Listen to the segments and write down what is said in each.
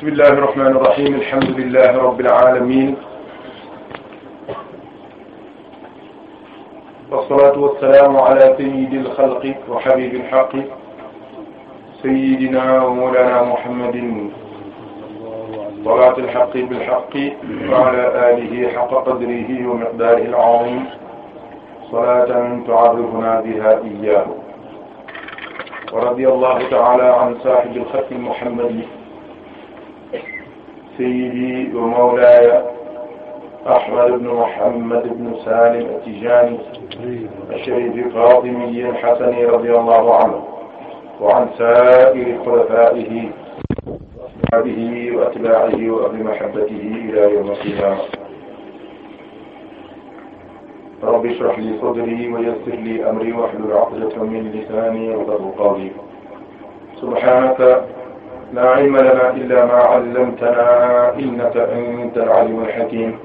بسم الله الرحمن الرحيم الحمد لله رب العالمين والصلاة والسلام على سيد الخلق وحبيب الحق سيدنا ومولانا محمد طلعت الحق بالحق وعلى آله حق قدره ومقداره العظيم صلاة تعرفنا بها إياه ورضي الله تعالى عن صاحب الخط المحمدي سيدي ومولاي أحمد بن محمد بن سالم التجاني الشهيد القاضي الحسني رضي الله عنه وعن سائر خلفائه وأصحابه وأتباعه وأهل محبته إلى يوم القيامة رب اشرح لي صدري ويسر لي أمري واحلل عقدة من لساني يفقهوا قولي سبحانك لا علم لنا إلا ما علمتنا إنك أنت العليم الحكيم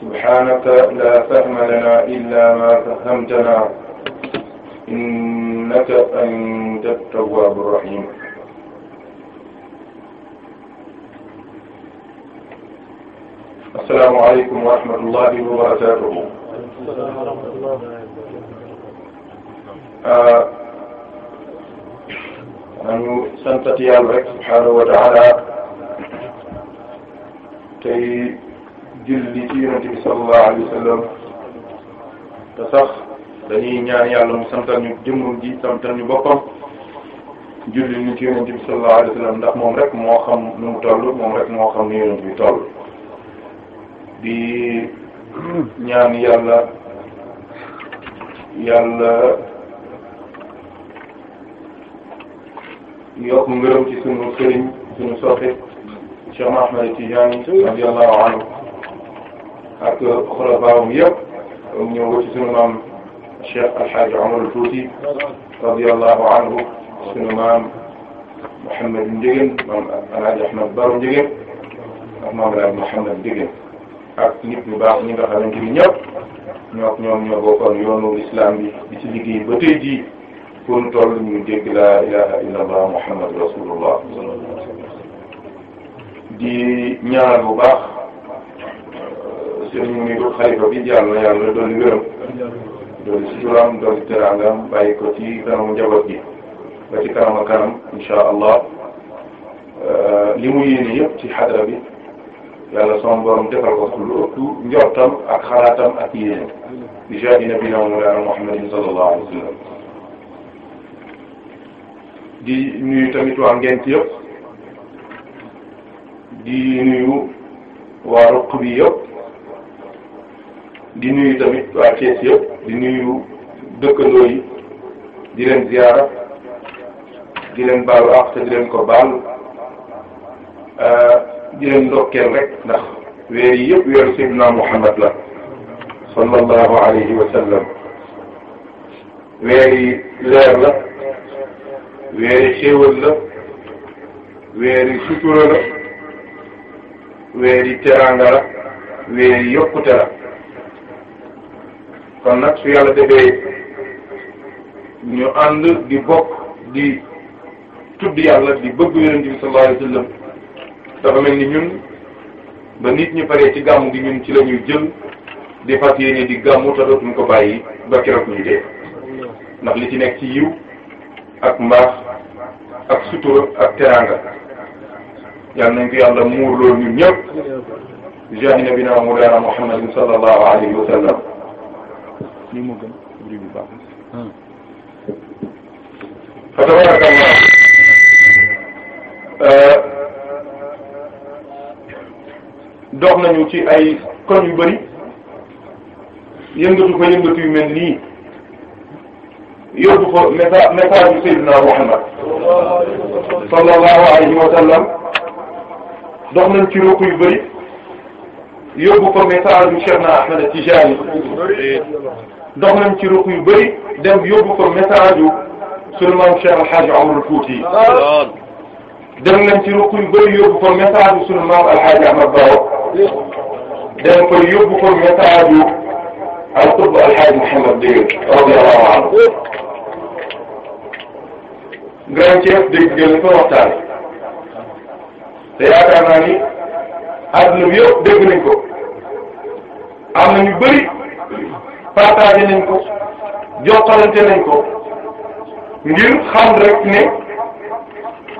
سبحانك لا فهم لنا إلا ما فهمتنا إنك أنت التواب الرحيم السلام عليكم ورحمة الله وبركاته. السلام ورحمة الله. nañu santati yàlla rek subhaanahu wa taala tey julli ci yonente bi sallallahu alayhi wa te sax dañuy ñaan yàlla mu santal ñu jëmmam ji santal ñu boppam julli ni ci yonente bi sallallahu alayhi wa ndax moom rek moo xam nu mu toll moom rek moo xam ni yonente bi toll di ñaan yàlla yàlla yokk ngërëm ci sunu sëriñ sunu soxit Cheikh Ahmed Tidiane radiyallahu anhu ak xulafaawam yëpp ñëw ba ci sunu maam Cheikh Alhaji Omar Fouti radiyallahu anhu sunu maam Mouhamed Ndiéguène maam Alhaji Ahmed Baro Ndiéguène ak maam Alhaji Mouhamed Ndiéguène ak nit ñu baax ñi nga xamante ni ñëpp ñoo ñoom ñoo bokkoon yoonu islam bi di ci liggéey ba tey jii. fon toll ñu dégg laa ilaha illa rasulullah di ñaanal bu baax euh, sëriñ Muniru xalifa bi jàll na yàlla doon wéram doon suturaam doon teraangam bàyyi ko ci kanamu njaboot bi ba ci kanam a kanam insha allah euh, li mu yéene bi yàlla son borom ko lu ëpp njortam ak xalaatam ak yéene bi jaadi nabina wa mawlana muhammadin sallallahu alayhi wa di nuyu tamit waa ngent yëpp di nuyu waa roq bi yëpp di nuyu tamit waa Thiès yëpp di nuyu dëkkandoo yi di leen ziyaara di leen baalu àq di leen ko baal eh, di leen ndokkeel rek ndax weer yi yëpp weeru Seydina Muhammad la sallallahu alayhi wa weer yi leer la weeri xéewal la weeri sutura la weeri teranga la weeri yokkute la kon nag su yàlla defee ñu ànd di bokk di tudd yàlla di bëgg yonent bi sallallahu alayhi dafa mel ni ñun ba nit ñi paree ci gàmmu gi ñun ci la jël di fas yéene di gàmmu te dootuñu ko bàyyi ba keroog ñu dee ndax li ci nekk ci yiw ak mbaax ak sutura ak teraanga yàlla nañ ko yàlla muur loolu ñun ñëpp jaani nabina mawlana muhammadin sallallahu alayhi wa ni mu gën bruit bi baax fa tabarakallah euh, dox nañu ci ay koñ yu bëri yëngatu fa yëngatu yu mel nii yóbbu ko message message bu Seydina Muhammad sallallahu alayhi wa sallam dox nañ ci ruq yu bëri yóbbu ko message bu Cheikhna Ahmed Tijani dox nañ ci ruq yu bëri dem yóbbu ko message bu sunu maam Cheikh Alhaji Omar al Fouti dem nañ ci ruq yu bëri yóbbu ko message bu sunu maam Alhaji Ahmad Baro dem ko yóbbu ko message bu alxutbu alxaaj Mouhamed Diouf radiyallahu anhu grand chef dégg nga li fa waxtaan te yaakaar naa ni àdduna bi yëpp dégg nañ ko am na ñu bëri partagé nañ ko jokkalante nañ ko ngir xam rek ne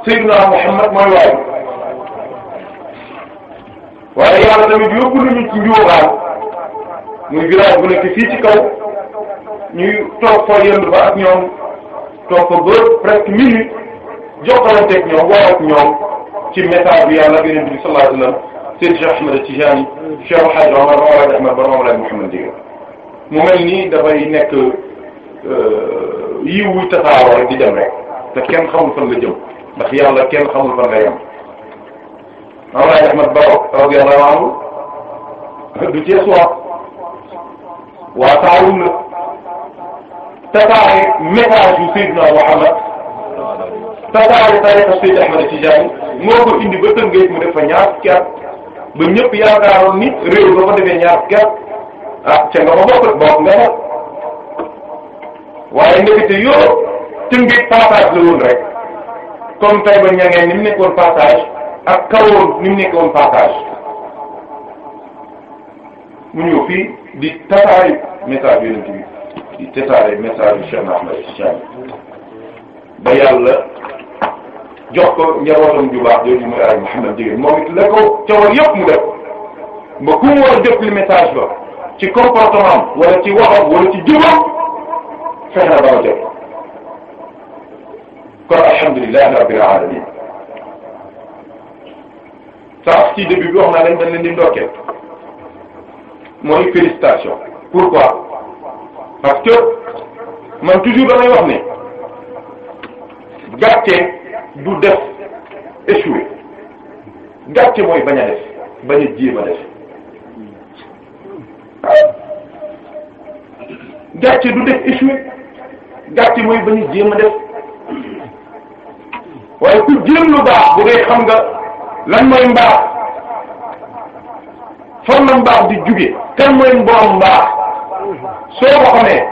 Seydina Mouhamed mooy waay waaye yàlla tamit yóbbu nañu ci njuuxaan muy village bu nekk fii ci kaw ñuy toog fa yënd ba ak ñoom toog fa ba presque minute jokkalanteeg ñoom woo ak ñoom ci message bi yàlla ak yonent bi sallallahu alayhi wa sallam Seydi Cheikh Ahmed Tijani Cheikh Hadj Omar Mawlana Ahmad ba Mawlana Mouhamad Diop mu mel nii dafay nekk euh, yii wuy tasaaroo rek di dem rek te kenn xamul fan la jëm ndax yàlla kenn xamul fan la yem Mawlana Ahmad Ba radiyallahu anhu du waaw taawul na tasaare message yu Seydina Muhammad tasaare tariqa Seydi Ahmad Tijaani moo ko indi ba Tëngéej mu def fa ñaar fukki at ba ñëpp yaakaaroon ni réew ba fa defee ñaar fukki at ah ca nga fa bokk bokk nga yoo Tëngéej passage la woon rek comme tay ba ñangeen ni mu nekkoon passage ak kawoon ni mu nekkoon passage mu ñëw di tasaare message yonent bi di tasaare message Cheikh Ahmed Tidiane ba yàlla jox ko njabootam ju baax jooju muy Alaaji Muhammad Jigéen moom it la ko cawal yëpp mu def ba ku war a li message ba ci comportement wala ci waxam wala ci jubam fexe na ba nga jot kon alhamdulilah rabbil alamin sax ci début bi wax naa leen dañ leen di mooy félicitation pourquoi parce que man toujours damay wax ne gàcce du def échoué gàcce mooy bañ a def bañ a jéem a def gàcce du def échoué gàcce mooy bañ a jéem a def waaye ku jéem lu baax bu dee xam nga lan mooy mbaax fan la mbaax di jóge kan mooy mborom mbaax soo ko xamee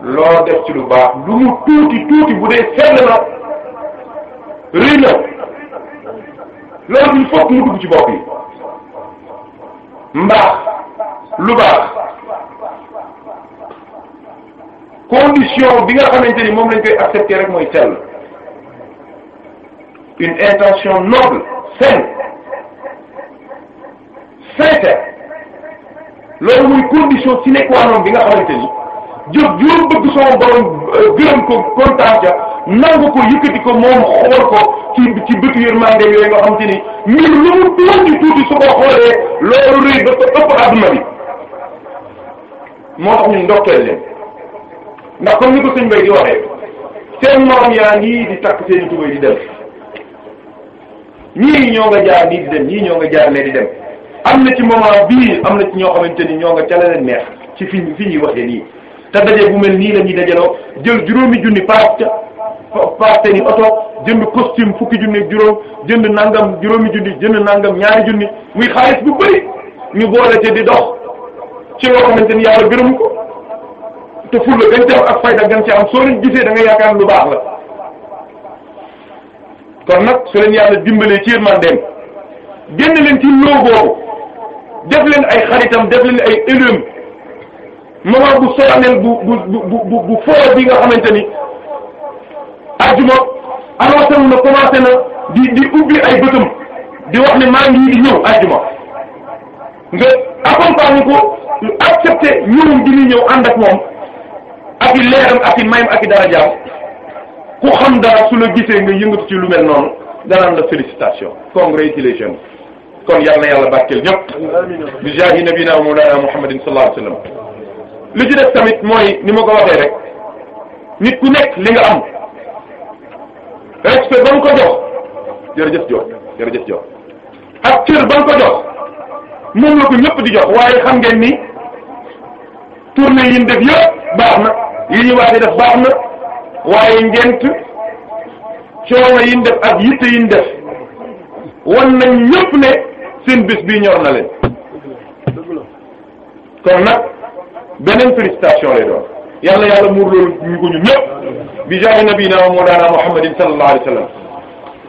loo def ci lu baax lu mu tuuti tuuti bu dee sell na rëy na loolu il faut mu dugg ci bopp yi mbaax lu baax condition bi nga xamante ni moom lañ koy accepter rek mooy sell une intention noble saine sincère loolu condition sine qua bi nga xamante ni jëf juróom bëgg sama borom euh, gërëm ko kontaan ca nangu ko yëkkati ko moom xool ko ci ci bëtu yërmande yooyu nga xamante ni mbir lu mu tuuti tuuti su ko xoolee loolu rëy dafa ëpp adduna bi moo tax ñun ndokkeel leen ndax comme ko sëñ bay di waxee seen morom yaa ngi di takk seen i tubay di dem ñii ñoo nga jaar nii di dem ñii ñoo nga jaar lee di dem am na ci moment bii am na ci ñoo xamante ni ñoo nga ca neex ci fi fi ñuy waxee nii te daje bu mel nii la ñuy dajaloo jël juróomi junni paas paas te ni oto jënd costume fukki junni ak juróom jënd nangam juróomi junni jënd nangam ñaari junni muy xaalis bu bëri ñu boole te di dox ci loo xamante ni yàlla gërëm ko te fulla gan ci ak fayda gan ci am soo leen gisee da nga yaakaar lu baax la kon nag su leen yàlla dimbalee ci yërmandeem génn leen ci def leen ay xaritam def leen ay élum moment bu solennel bu bu bu bu bu fort bi nga xamante ni ajjuma annoncé na commencé na di di ubbi ay bëtam di wax ne maa ngi ñëw ajjuma nga accompagné ko lu ñëwum gi ñëw ànd ak moom ak i leeram ak i mayam ak i darajaam ku xam dara su la gisee nga yëngatu ci lu mel noonu danaan la félicitation congratulations kon yal na yàlla barkeel ñëpp bi jaahi nabina mawlana muhammadin li ci def tamit mooy ni ma ko waxee rek nit ku nekk li nga am respect ba nga ko jox jërëjëf jox jërëjëf jox ak cër di jox waaye xam ngeen ni tournée yi ñu yi ñu def baax waaye ngent coono yi ñu def ak yitte yi ñu seen bés bii ñor na leen kon nag beneen félicitation lay doon yàlla yàlla muur loolu ñu ko ñun ñëpp bi jaayi nabina mawlana muhammadin sallallahu alayhi wasallam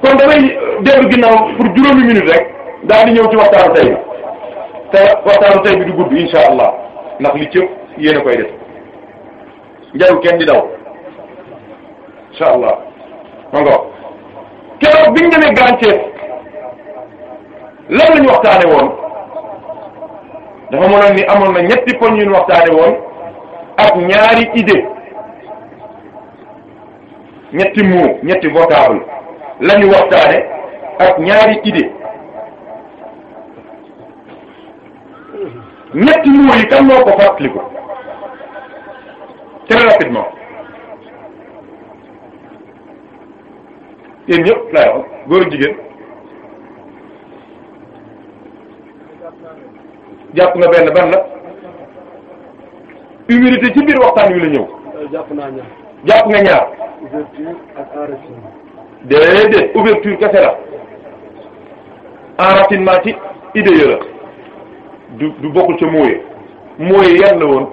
kon damay dellu ginnaaw pour juróomi minute rek daal di ñëw ci waxtaanu tey bi te waxtaanu tey bi du gudd insha allah ndax li cëpp yéen a koy def njaru kenn di daw insha allah ma nga keroog biñ lan la ñu waxtaane woon dafa mënoon ni amoon na ñetti poñ yu ñu waxtaane woon ak ñaari idée ñetti mot ñetti vocable la waxtaane ak ñaari idée ñetti mot yi kan moo ko fàttaliku très rapidement yéen ñëpp laay wax góor jigéen jàpp nga benn ban la humilité ci biir waxtaan wi la ñëw. jàpp naa jàpp nga ñaar. ouverture ak enracinement. déedéet ouverture kese ci idée du du bokkul ca mooyee mooyee yan la woon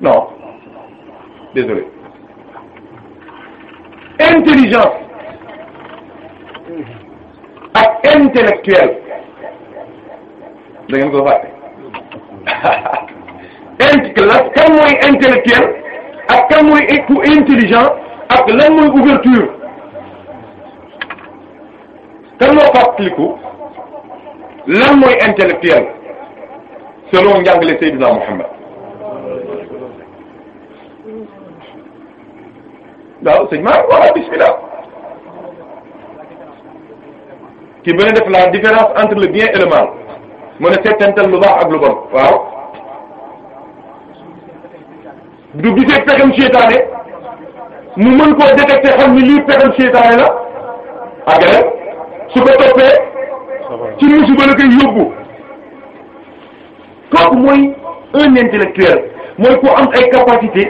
non désolé intelligence. intellectuel da ngeen ko fàtte inte lan kan mooy intellectuel ak kan mooy ku intelligent ak lan mooy ouverture kan moo fàttaliku lan mooy intellectuel selon njàngale Seydina Muhammad waaw sëñ ma waaw bismillah ki mën a def la différence entre le bien et le mal mën a settantal lu baax ak lu bon waaw du gisee pexem seytaane mu mën koo détecté xam ni lii pexem seytaane la agale su ko toppee ci musiba la koy yóbbu kooku mooy un intellectuel mooy ku am ay capacité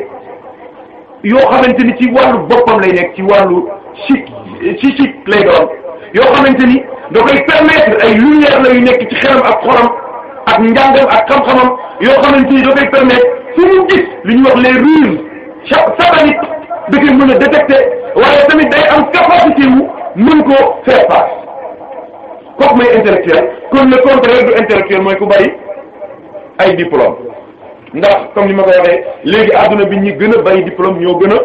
yoo xamante ni ci wàllu boppam lay nekk ci wàllu chic chic lay doon yoo xamante ni da koy permettre ay lumière la yu nekk ci xelam ak xolam ak njàngam ak xam-xamam yoo xamante ni da koy permettre su mu gis li ñuy wax les ruses sataniques da koy mën a détecter waaye tamit day am capacité wu mën koo faire face kooku mooy intellectuel kon le contraire du intellectuel mooy ku bari ay diplôme ndax comme ni ma ko waxee léegi adduna bi ñi gën a bari diplôme ñoo gën a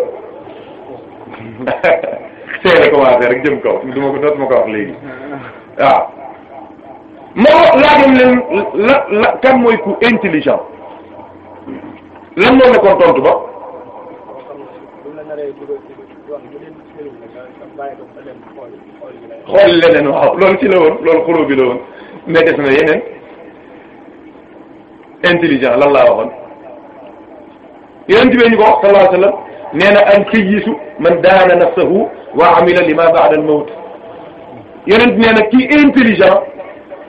seere commencé rek jëm kaw du ma ko doot ko wax léegi waaw moo laajoon leen la la kan mooy ku intelligent lan moo nekkoon tontu ba. xool la la woon mais des na yeneen intelligent lan laa waxoon yonent bi ko wax sallallahu alayhi wasallam al kayyisu man daana nafsahu wa amila lima ba'da al mawt yonent nee na kii intelligent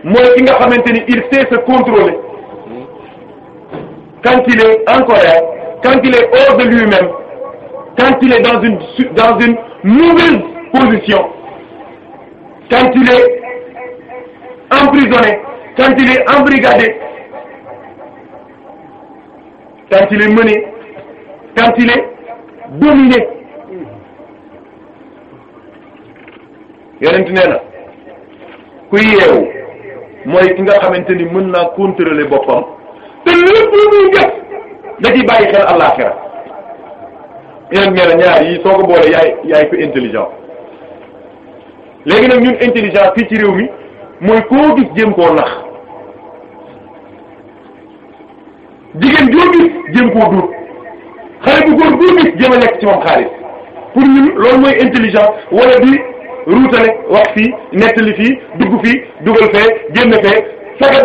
mooy ki nga xamante ni il sait se contrôler quand il est en colère quand il est hors de lui-même quand il est dans une dans position quand il est emprisonné quand il est embrigadé quand il est mené quand il est dominé yonent nee na ku yeewu mooy ki nga xamante ni mën naa contrôler boppam te lépp lu muy da ciy bàyyi xel àllaaxira yonent nee na ñaar yi soo ko boole yaay yaay ko intelligent léegi nag ñun intelligent fii ci réew mi mooy koo gis jéem koo nax jigéen joo gis jéem koo duut xale bu góor boo gis jéem a nekk ci moom xaalis pour ñun loolu mooy intelligent wala di ruutale wax fii nettali fii dugg fii dugal fee génn fee fexe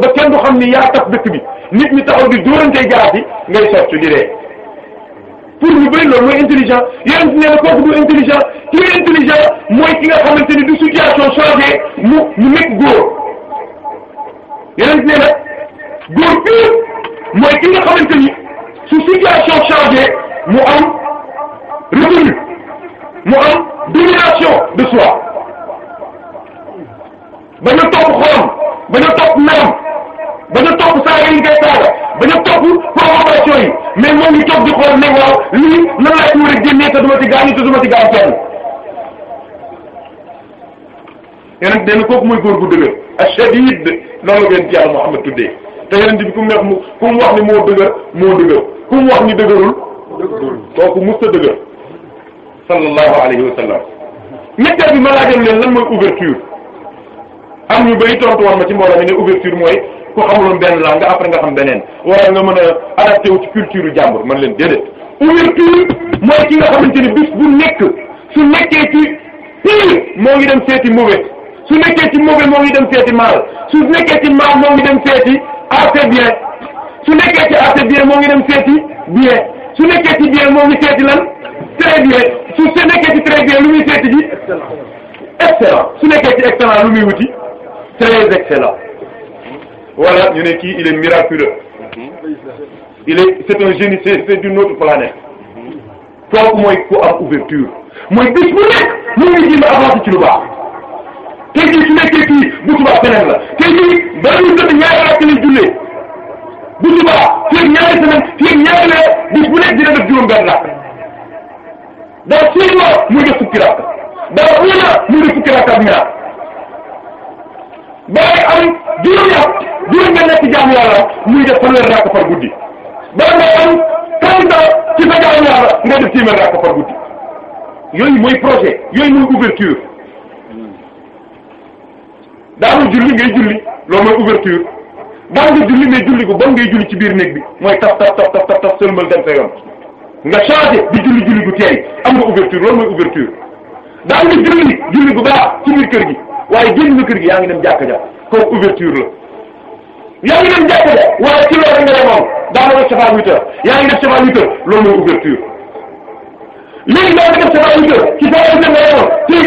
ba kenn du xam ni yaa tax dëkk bi nit a taxaw di dóorantey jaraaf yi ngay soccu di dee pour ñu bëri loolu mooy intelligent yonent nee na kooku du intelligent kii intelligent mooy ki nga xamante ni du situation changé mu mu mu am retenu mu am domination de soi bañ a topp xolam bañ a topp melam bañ a topp saaga yi ngay saaga bañ a topp provocation yi mais moo ngi toog di xool ne waaw lii nan laa ci war a génnee te duma ci gaañu te duma ci gaañu kenn yeneen nee na kooku mooy góor gu dëgër ashadid noonu la ngeen ci yàlla Muhammad tuddee te yeneen bi ku mu neex mu ku mu wax ni moo dëgër moo dëgër ku mu wax ni dëgërul kooku musta dëgër sallallahu alayhi wa sallam ñetteel bi ma laajoon leen lan mooy ouverture am ñu bëri tontu woon ma ci mbooloo mi ne ouverture mooy ku xamuloon benn la nga après nga xam beneen wala nga mën a adapté wu ci culture jàmbur man leen déedéet ouverture mooy ki nga xamante ni bis bu nekk su nekkee ci pire moo ngi dem seeti mauvais su nekkee ci mauvais moo ngi dem seeti mal su nekkee ci mal moo ngi dem seeti assez bien su nekkee ci assez bien moo ngi dem seeti bien su nekkee ci bien moo ngi seeti lan très bien su se nekkee ci très bien lu muy seeti ji excellent su nekkee ci excellent lu muy wuti très excellent voilà ñu ne kii il est miraculeux il est c'est un génie c'est d'une autre planète kooku mooy ku am ouverture mooy bis bu nekk mu ngi jéem a avancer ci lu baax tey jii su nekkee kii bu subaa beneen la tey jii bala ñuy jot ñaari rakk lay jullee bu subaa fii ak ñaari semaine fii ak ñaari weer bis bu nekk dina def juróom benn rakk dara suñu muy def fukki rakk dara buuna muy def fukki rakk ak ñaar ba am juróomi at juróom nga nekk jaamu yàlla muy def fanweeri rakk par guddi ba nga am trente ans ci sa jaamu nga def téeméer rakk par guddi yooyu mooy projet yooyu mooy ouverture daanul julli ngay julli loolu mooy ouverture daan nga julli mais julli bu bon ngay julli ci biir bi mooy taf taf taf taf taf sëlmal dem sa yoon. nga changé di julli julli gu teey am nga ouverture loolu mooy ouverture daa nga julli julli gu baax ci kër gi waaye génn na kër gi yaa ngi dem jàkka ja kooku ouverture la yaa ngi dem jàkka ja waaye ci loolu nga demoon daanaka safaa huit heures yaa ngi def safaa huit heures loolu mooy ouverture léegi daa nga def safaa huit heures ci safaa huit heures nga nga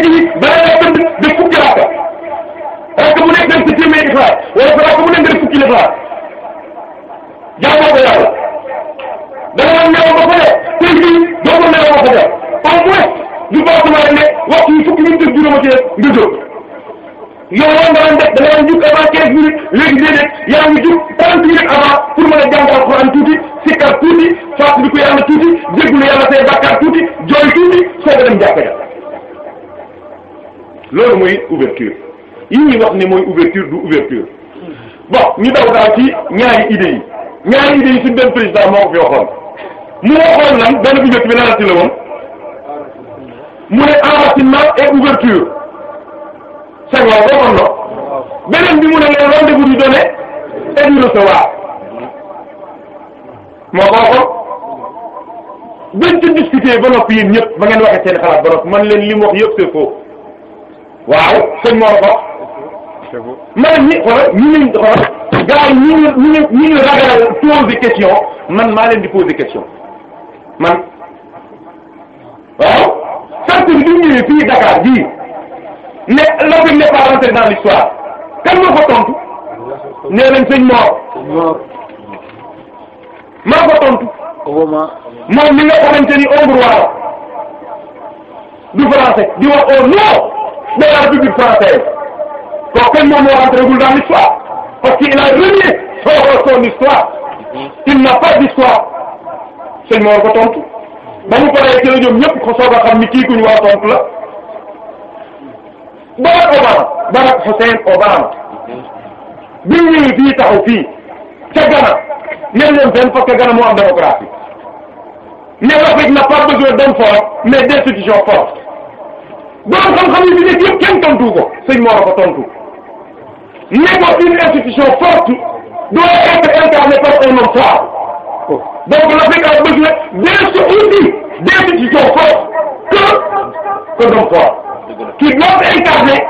tënd fukki la xalaat jaamoo ko yàlla da nga nelaw ba pare tey jii doo ko nelaw ba pare au moins ñu bokk naa ne waxtu yi fukki minutes juróoma ci nga jóg yow loolu nga doon def da nga doon jug avant quinze minutes léegi déedéet yaa ngi jug trente minutes avant pour mën a jàng alxuraan tuuti sikkar tuuti fàttaliku yàlla tuuti jéggulu yàlla say bàkkaar tuuti jooy tuuti soog a dem jàkka ja loolu mooy ouverture yi ñuy wax ne mooy ouverture du ouverture bon ñu daw daal ci ñaari idées yi ñaari idées yi suñ benn président moo ko fi waxoon mu waxoon lan benn bu njëkk bi lan la ci la woon mu ne enracinement et ouverture c'est bon waxoon na beneen bi mu ne le rendez-vous du donner et du recevoir moo ko waxoon bañ ci discuter ba noppi yéen ñëpp ba ngeen waxee seen xalaat ba noppi man leen li mu wax yëpp c'est faux waaw ko. man ñi xoolal ñu ngi xoolal gars yi ñu ngi ñu ngi ñu ngi ragal poser question man maa leen di poser question man waaw sant bi ñu ñëwee fii Dakar bii ne l'Afrique n'est pas rentrée dans l'histoire kan moo ko tontu nee nañ sëñ Mor maa ko tontu moom mi nga xamante ni hongrois du français di wax au nom de la République française kooku kenn moom moo rentré dans l'histoire parce que il a renié son son histoire mm-hmm. il n'a pas d'histoire sëñ moo ko tontu ba mu paree ci la ñoom ko soog a xam ni kii ku ñu la Barack Obama Barack Hussein Obama mm-hmm. bi ñu ñëwee fii taxaw fii ca Ghana nee leen benn parce que Ghana moo am démocratie mais l'Afrique n'a pas besoin d'hommes forts mais d'institutions fortes donc xam-xam yi fi nekk yëpp kenn tontu ko sëñ moo ko tontu. nekkoon une institution forte doit être incarnée par un homme fort donc l'Afrique a besoin d'un seul outil d'institution forte que que d'homme fort qui doit incarner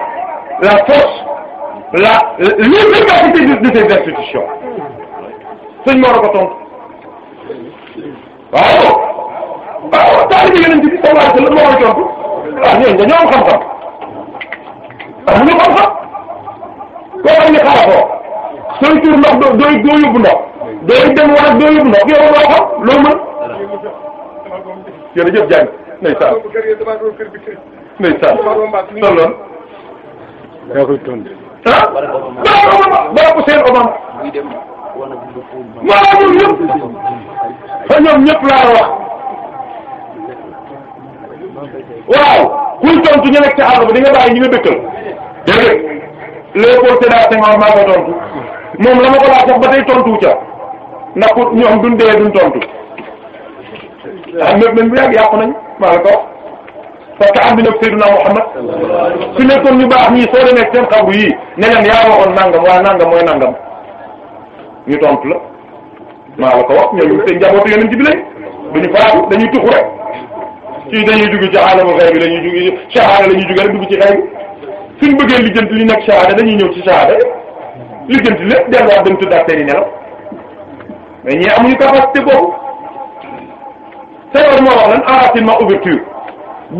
la force la l'efficacité de, de ces institutions sëñ Mor a ko tontu waaw waaw taal bi yeneen bi sallallahu alayhi wa sallam moo koy tontu waaw ah, ñooñu dañoo am xam-xam am ah, ñu xam-xam koo xam ne xaaral foofu sooy tuur ndox doo doo doo yóbbu ndox doo dem wala doo yóbbu ndox yow loo xam loo mën. jërëjëf Diagne ndeysaan ndeysaan tolloon. yaa koy tontu. ah balaa ko seen obama. waaw ñoom ñëpp. fa ñoom ñëpp laa wax. waaw kuy tontu ñu nekk ca àll ba di nga bàyyi ñu nga dëkkal dégg Léopold Sédar Senghor maa ko tontu moom la ma ko laaj sax ba tey tontu ca ndax ku ñoom duñ dee duñ tontu ah ñëpp nañ bu yàgg yàqu nañ maa la ko wax parce que àddina Seydina Muhammad fi nekkoon ñu baax ñii soo demee seen xabu yii ne yaa waxoon nangam waaye nangam mooy nangam ñu tontu la maa la ko wax ñoom seen njabootu yeneen ci bi lañ duñu faatu dañuy tuxu rek ci dañuy dugg ci xaalama xëy bi dañuy dugg ci xaala la ñuy dugg dugg ci xëy suñ bëggee lijjanti li nekk shahada dañuy ñëw ci shahada lijjanti lépp delluwaat dem tuddaat seen i nelaw mais ñii amuñu capacité boobu Senghor moo wax lan enracinement ouverture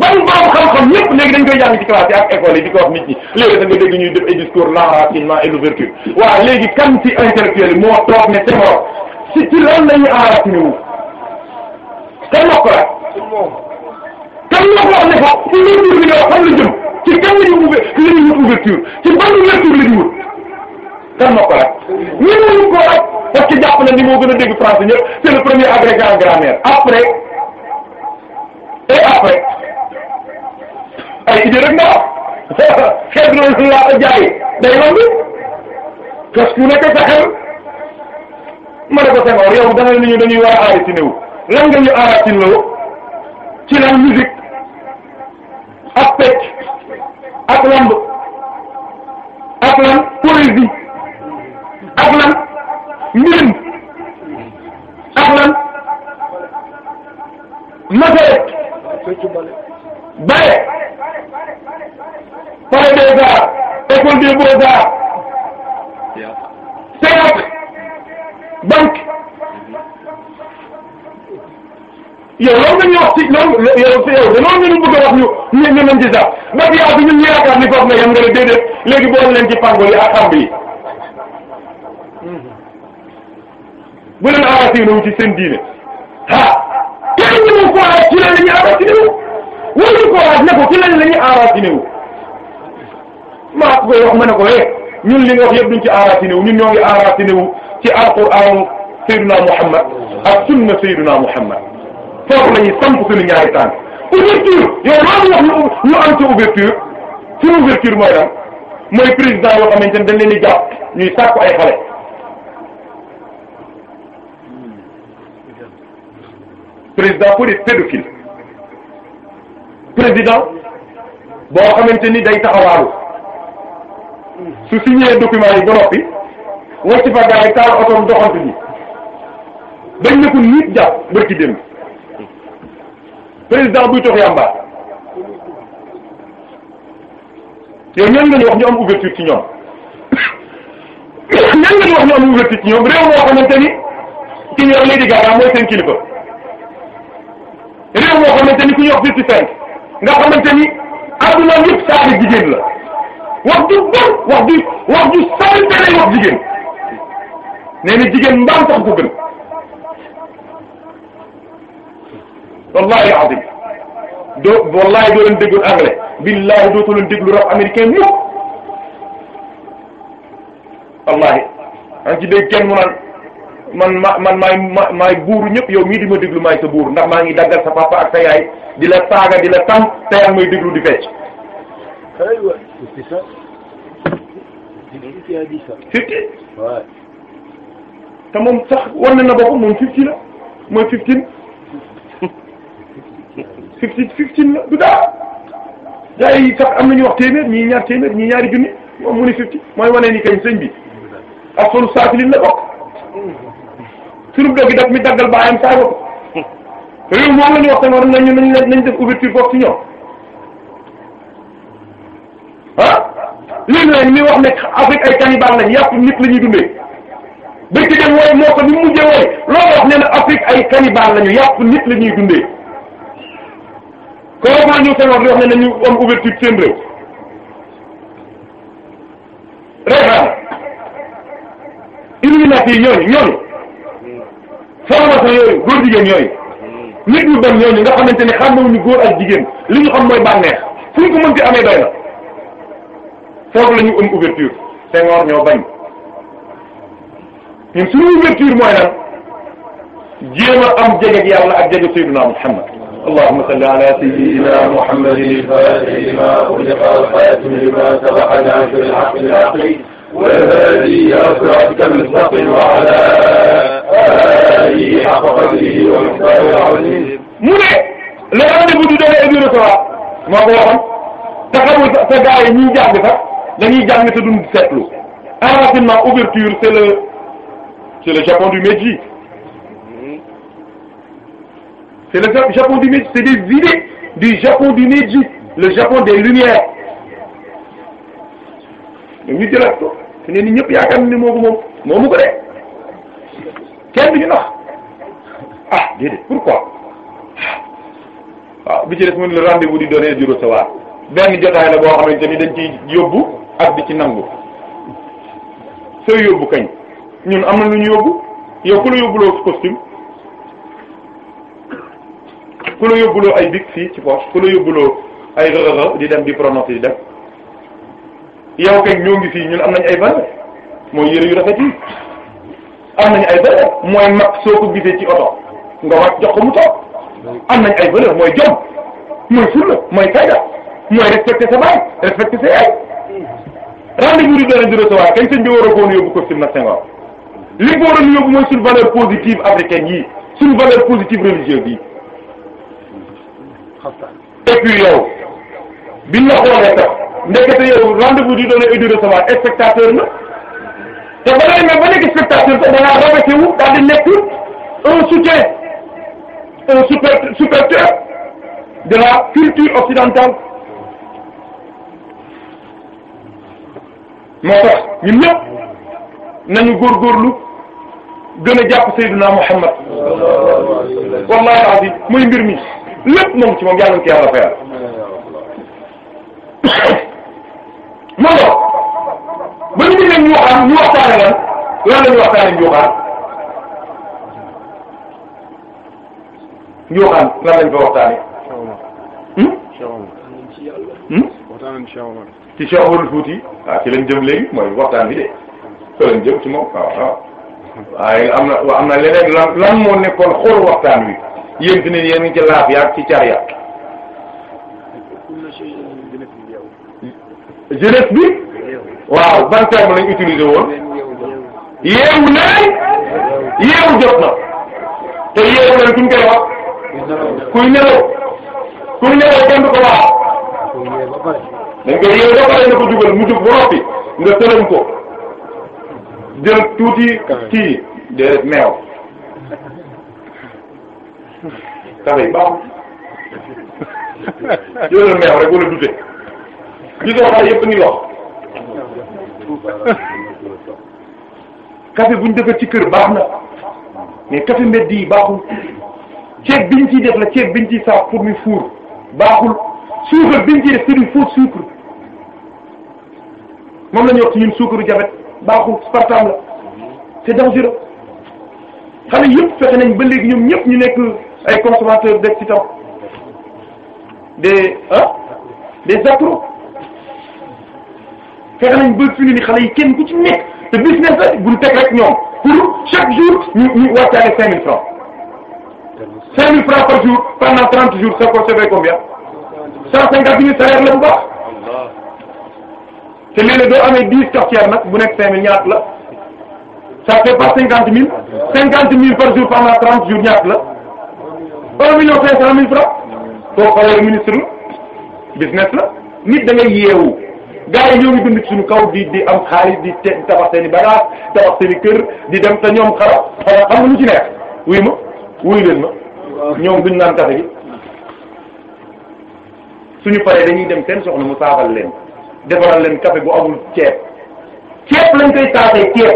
ban borom xam-xam yépp léegi dañ koy jàng ci classe yi ak école yi di nit ñi léegi da nga dégg ñuy def ay discours l'enracinement et l'ouverture waaw léegi kan ci intellectuel moo toog ne Senghor si ci lan la ñuy enraciné wu kan wax la kan la ko wax ne ko ci lecture bi nga wax xam la jëm ci kan la ñuy ubbe la ñuy wut ouverture ci ban lecture la ñuy wut kan moo ko laaj ñun ñu ko laaj parce que jàpp na ni moo gën a dégg français ñëpp c'est le premier agrégant grammaire après et après ay idée rek nga wax xeet loolu laa ko jaay day yomb parce que nekk sa xel ma ne ko Senghor yow da nga ñu dañuy war a aaree ci néew lan nga ñu aaree ci néew ci lan musique ak pecc ak lamb ak lan poésie ak lan mbirim ak lan maseret bare palais des arts école des beaux arts théâtre banque yow loolu nga ñu wax ci yow yow de a wax ñu ñu ñu mën ci sax ba yaa bi ñun ñu yaakaar ni foofu nga yem nga ne déedéet léegi boole leen ci pangol yi ak xam bi bu leen arrêté wu ci seen diine ah kenn ñu mu ko ci lañ la ñuy arrêté wu wala ne ko ci lañ la ñuy arrêté maa ko koy wax ma ne ko eh ñun li nga wax yëpp ci arrêté wu ñun ñoo ngi arrêté wu ci alquran Seydina Muhammad a sunna Seydina Muhammad foofu la ñuy samp suñu ñaari tànk ouverture yow loolu wax ñu am ci ouverture suñu ouverture mooy lan mooy président yoo xamante ne dañ leen di jàpp ñuy ay xale président pour boo xamante ni day taxawaalu su signé document yi ba noppi wàcc fa taal otoom doxantu ji dañ ne ko nit jàpp bërki démb président buy tox yàmba yow ñan lañu wax ñu am ouverture ci ñoom ñan lañu wax ñu am moo xamante ni ki ñu yor lay di gaara mooy seen kilifa réew moo xamante ni ku ñu fifty cinq nga xamante ni adduna yëpp saaga jigéen la wax du bon wax du wax du salte lay wax jigéen nee na jigéen mbaam sax ko gën wallahi azim doo wallahi doo leen déggul anglais billahi dootu leen déglu rap américain ñëpp wallahi da ci dégg kenn mu man ma man maay ma maay ñëpp yow mii di ma déglu maay sa buur ndax maa ngi daggal sa papa ak sa yaay di la saaga di la tam te yaa ngi déglu di fecc fifty te sax war na na moom fifty la mooy fifteen fifty fifteen la du dara gars sax am nañu wax téeméer ñii ñaar téeméer ñii ñaari junni moom mu ni fifty mooy wane ni kañ sëñ bi ak sunu saafilin la bokk sunu doggi daf mi daggal baayam saa bopp réew moom la ñu wax tanoor nañu nañ def ouverture foofu ñoom ah léegi nag li wax ne Afrique ay cannibale lañ yàpp nit la ñuy dundee bëgg dem wooye moo ko ni mujjee wooye loolu wax ne Afrique ay cannibale lañu yàpp nit lañuy ñuy dundee comment ñu Senghor di wax ne nañu am ouverture seen réew référendum illuminati yi ñooñu ñooñu formation yooyu góor jigéen yooyu nit ñu bon ñooñu nga xamante ne xàmmewuñu góor ak jigéen li ñu xam mooy bànneex fu ñu ko mënti amee doy na foofu la ñu am ouverture Senghor ñoo bañ ñun suñu ouverture mooy nag jéem a am jege ak yàlla ak jege Seydina Muhammad اللهم صل على سيدنا محمد الفاتح لما أغلق والخاتم لما سبق ناصر الحق العقل والهادي إلى صراطك المستقيم وعلى آله حق قدره ومقداره العظيم. mu ne. léeg-léeg bu dugalee biir Soxla moo ko waxoon te xamul sa gars yi ñuy jàng sax dañuy jàng te duñ seetlu enracinement ouverture c'est le c'est le Japon du Meiji. C'est le Japon du Midi, c'est des idées du Japon du Midi, le Japon des Lumières. ñoom ñu jëlaat ko te ne ni ñëpp yaakaar ni moo ko moom moomu ko de kenn du ñu nax ah déedéet pourquoi waaw ah, bi ci des mën le rendez-vous di donner du recevoir benn jotaay la boo xamante ni dañ ci yóbbu ak di ci nangu soo yóbbu kañ ñun am na lu ñu yóbbu yow ku la yóbbuloo costume ku la yóbbuloo ay bic fii ci poche ku la yóbbuloo ay rërërë di dem di prononcer di dem yow kenn ñoo ngi fii ñun am nañ ay valeur mooy yére yu rafet yi am nañ ay valeur mooy mag soo ko gisee ci oto nga wax jox ko mu toog am nañ ay valeur mooy jom mooy fulla mooy fayda mooy respecter sa baay respecter sa yaay rendez-vous du dara di recevoir kañ sëñ bi war a ko woon yóbbu ko sim na Senghor li ko yóbbu mooy suñu valeur positive africaine yi suñu valeur yi et puis yow biñ la xoolee sax ndekete yow rendez di doon et di recevoir spectateur na te ba léegi nag ba nekk spectateur sax da ngaa rabaté wu daal di nekk un soutien un super supporteur de la culture occidentale moo tax ñun ñëpp nañu góorgóorlu gën a jàpp Seydina Muhammad wallahi azim muy mbir mi. lépp moom ci moom yàlla na ko yàlla fayal. ma nga ba ñu ne ñu waxaan ñu waxtaane lan lan la ñu waxtaane ñu waxaan ñu waxaan lan lañ fa waxtaane. waxtaan hmm? hmm? ci Cheikh Omar. ci Cheikh Omar Fouti waaw ah, ci lañ jëm léegi mooy waxtaan bi de ci lañ jëm ci moom waaw waaw waaye am na am na leneen lan lan moo nekkoon xool waxtaan wi. yéen fi ne yéen ngi ci laaf yaag ci car yaag jeunesse bi waaw ban terme lañ utilisé woon yeewu leen yeewu jot na te yeewu leen kuñ koy wax kuy nelaw kuy nelaw kenn du ko wax dañ koy yeewu ba pare na ko jugal mu jóg ba noppi nga tëram ko tuuti taba yi baaxul yow la neex rek wala dute gisoo xale yëpp ni lox café buñ defar ci kër baax na mais café mbedd yi baaxul ceeb biñ ciy def la ceeb biñ ciy saaf pour muy fuur baaxul suukar biñ ci def c'est du faux sucre moom la ñuy wax ci ñun suukaru jabet baaxul spartam la c'est dangereux xale yëpp fexe nañ ba léegi ñoom ñëpp ñu nekk ay consommateurs d'excitants des ah des accros fexe nañ ba fi ni xale yi kenn ku ci nekk te business la bu ñu teg rek ñoom pour chaque jour ñu ñu wàccaale cinq mille francs cinq mille francs par jour pendant trente jours ça coûte c'est combien cent cinquante mille salaire la bu baax te léeg-léeg doo amee dix quartiers nag bu nekk cinq mille ñaata la ça fait pas cinquante mille cinquante mille par jour pendant trente jours ñaata la un million cinq cent mille francs boo xoolee ministre la nit da ngay yeewu gars yi ñoo ngi dund suñu kaw di di am xaalis di tabax seen i bagaas tabax seen kër di dem te ñoom xara xara xam nga lu ci neex wuy ma wuy leen ma ñoom duñ naan kafe gi suñu paree dañuy dem seen soxna mu saafal leen defaral leen café bu amul ceeb ceeb lañ koy taasee ceeb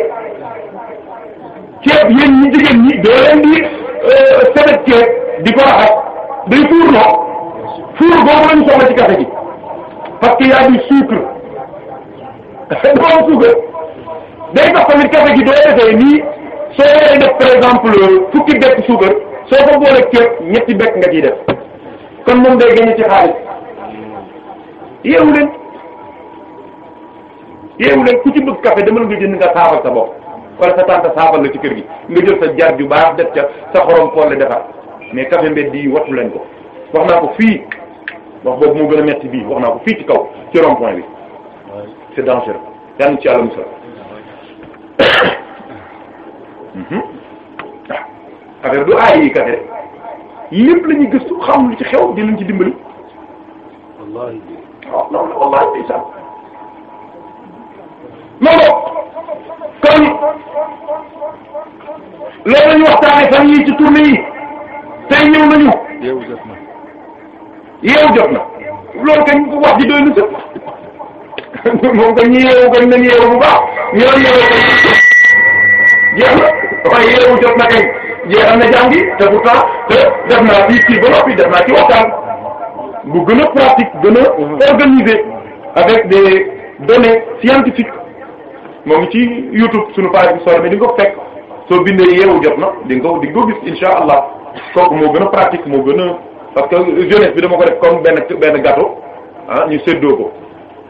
ceeb yéen ñi jigéen ñi doo leen di euh, sebet ceeb di ko raxas day fuur loo fuur boobu lañ soxla ci café gi parce que y a du day tax tamit café gi doo defee nii soo waree def par exemple fukki bekk suukar soo ko booleeg ceeb ñetti bekk nga ciy def kon moom day gagné ci xaalis yeewu leen yeewu leen ku ci bëgg café demal nga jënd nga saafal sa bopp wala sa tante saafal la ci kër gi nga jël sa jar ju def ca sa xorom pool la defar mais café mbedd yi wattu ko wax naa ko fii wax boobu moo gën a metti bii wax naa ko fii ci kaw ci rond point bi c'est dangereux yàlla ci yàlla musal affaire du aay yi café lépp la ñuy gëstu xam lu ci xew di leen ci dimbali wallahi waaw oh, noonu la wallahi ndeysaan noonu kon loolu fan yii ci tournée yi tey ñëw nañu. yeewu jot na. yeewu jot na. loolu kañ wax ji doy na sax moom kañ ñu yeewu kañ nañ yeewu bu baax ñoo yeewu kañ jeex na waaye jot na kañ jeexal na jàngi te pourtant te def naa ci kii ba noppi def naa ci waxtaan bu gën a pratique gën a mhm. organisé avec des données scientifiques moo ngi ci YouTube suñu page bi solo mais di nga ko fekk soo bindee yeewu jot na di nga ko di nga ko gis insha allah. kooku moo gën a pratique moo gën a parce que jeunesse bi dama ko def comme benn benn gâteau ah ñu séddoo ko